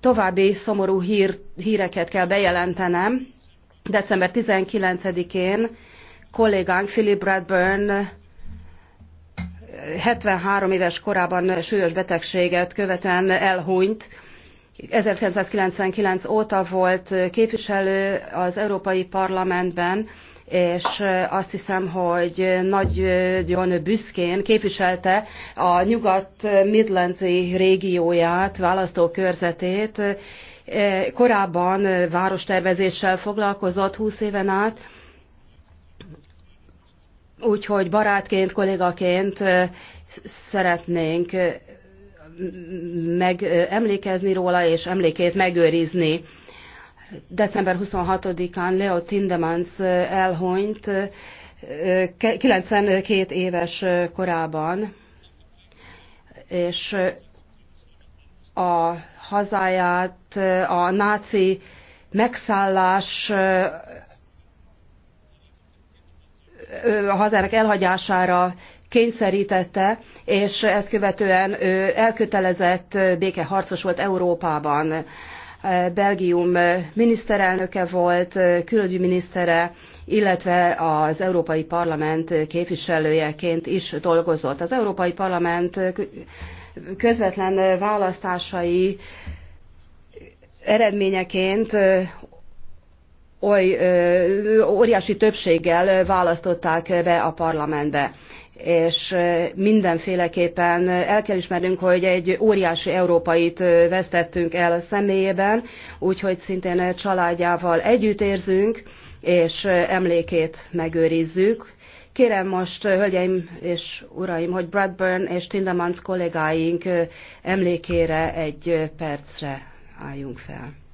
további szomorú hír, híreket kell bejelentenem. December 19-én kollégánk Philip Bradburn 73 eh, éves korában súlyos betegséget követően elhunyt. 1999 óta volt képviselő az Európai Parlamentben, és azt hiszem, hogy nagyon büszkén képviselte a nyugat Midlandsi régióját, választókörzetét. Korábban várostervezéssel foglalkozott 20 éven át, úgyhogy barátként, kollégaként szeretnénk megemlékezni róla és emlékét megőrizni december 26-án Leo Tindemans elhonyt 92 éves korában, és a hazáját a náci megszállás a hazának elhagyására kényszerítette, és ezt követően ő elkötelezett békeharcos volt Európában. Belgium miniszterelnöke volt, külügyminisztere, illetve az Európai Parlament képviselőjeként is dolgozott. Az Európai Parlament közvetlen választásai eredményeként oly óriási többséggel választották be a parlamentbe. És mindenféleképpen el kell ismernünk, hogy egy óriási európait vesztettünk el a személyében, úgyhogy szintén családjával együtt érzünk, és emlékét megőrizzük. Kérem most, hölgyeim és uraim, hogy Bradburn és Tindemans kollégáink emlékére egy percre álljunk fel.